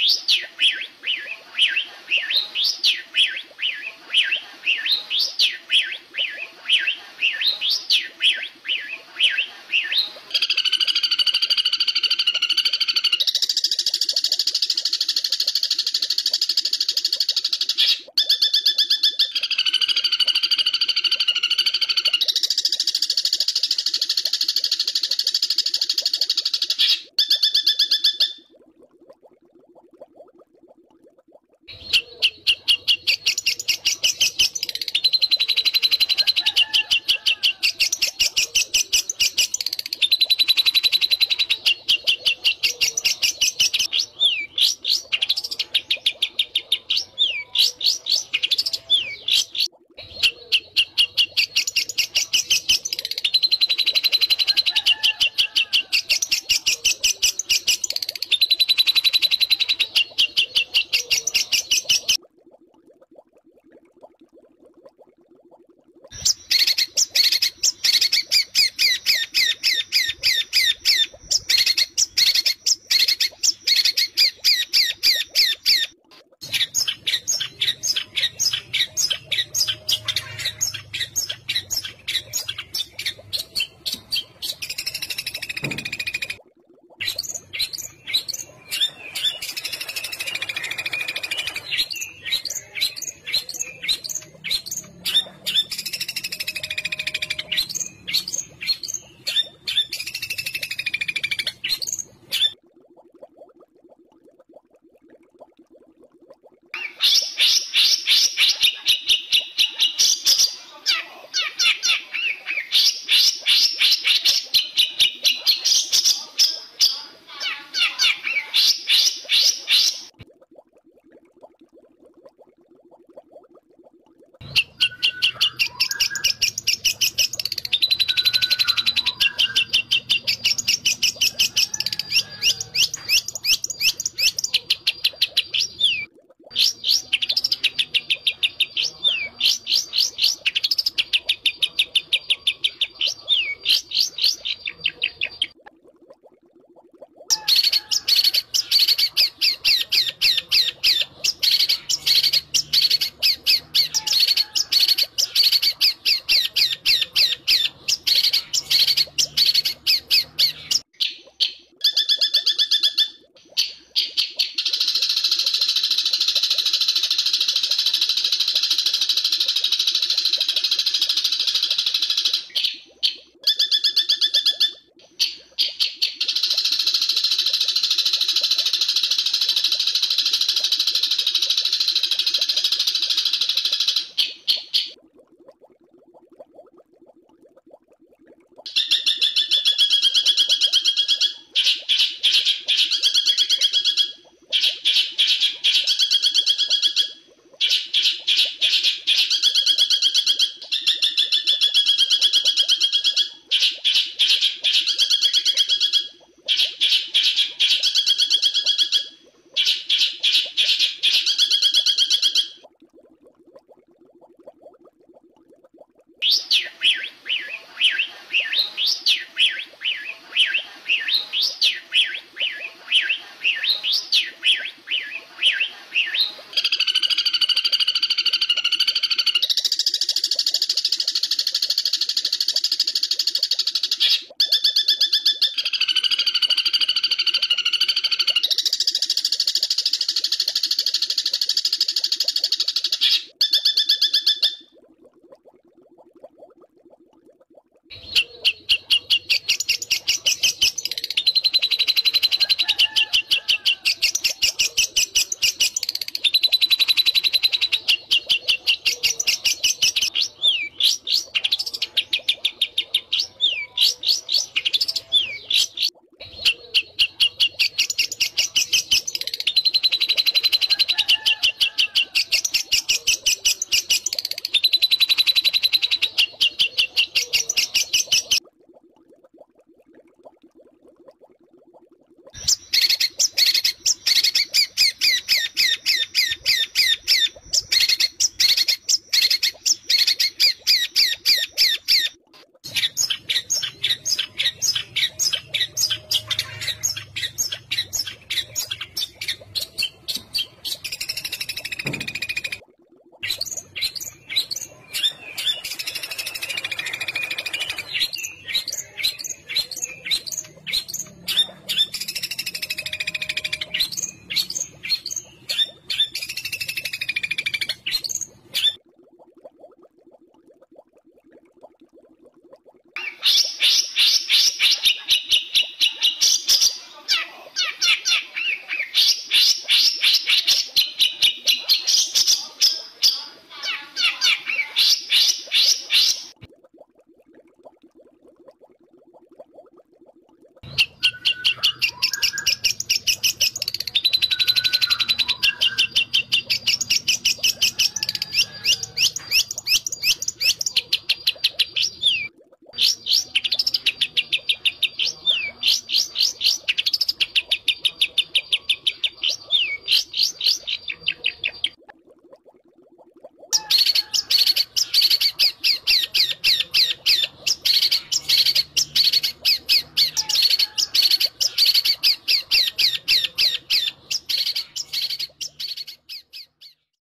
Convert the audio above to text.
Peace.